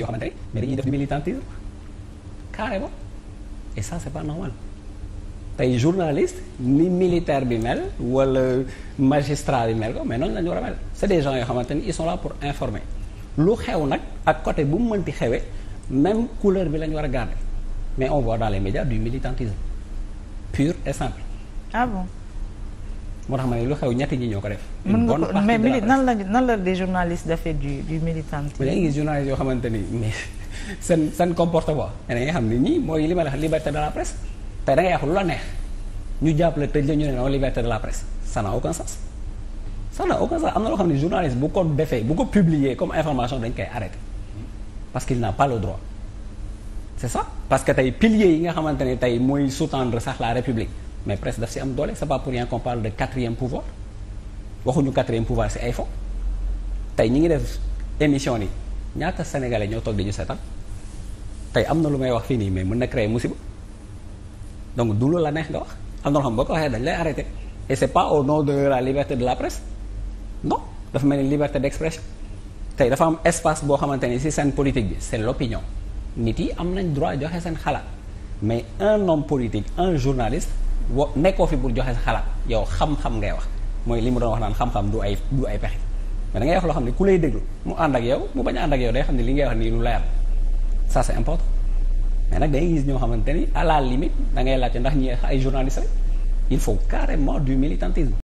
yoo xamante ne mais dañuy def militantisme carrément et ça c'est pas normal tey journaliste ni militaire bi mel wala magistrat bi mel ko mais noonu la ñu war a mel c'est des yoo xamante ni ils sont là pour informer lu xew nag ak côté bu mu mënti xewee même couleur bi la ñu war a garder mais on voit dans les médias du militantisme pur et simple. Ah moo tax ma ne lu xew ñetti ñi ñoo ko def. une bonne partie mais mili nan la nan la des du du militantisme. mais gis journalistes yoo xamante ni mais seen seen comportement. da ngay xam ne ñii mooy li ma la wax liberté de la presse te da ngay wax la neex ñu jàppale tëj la ñu ne non liberté de la presse ça n'a aucun sens. ça n'a aucun sens am na loo xam ne journaliste bu ko defee bu ko publier comme information dañ koy arrêté parce qu'il n'a pas le droit c'est parce que tey piliers yi nga xamante ne tey mooy sous sax la république. mais presse daf si am doole c'est pas pour rien qu'on parle de quatrième pouvoir waxuñu quatrième pouvoir si ay fo tey ñi ngi def émission ni ñaata sénégalais ñoo toog di ñu seetaan tey am na lu may wax fii nii mais mën na créer musiba donc du la neex nga wax am na loo xam boo ko waxee dañ lay arrêté et c'est pas au nom de la liberté de la presse non dafa mel ni liberté d'expression tey dafa am espace boo xamante ni ci seen politique bi c'est l'opinion nit yi am nañ droit joxe seen xalaat mais un homme politique un journaliste wa nekkoo fi pour joxe sa xalaat yow xam-xam ngay wax mooy li mu doon wax naan xam-xam du ay du ay pexe mais da wax loo xam ne ku lay déglu mu ànd ak yow mu bañ a ànd ak yow day xam ne li ngay wax nii lu layal ça c'est important mais nag dangay gis ñoo xamante ni à la limite da ngay ndax ñi ay journaliste rek il faut carrément du militantisme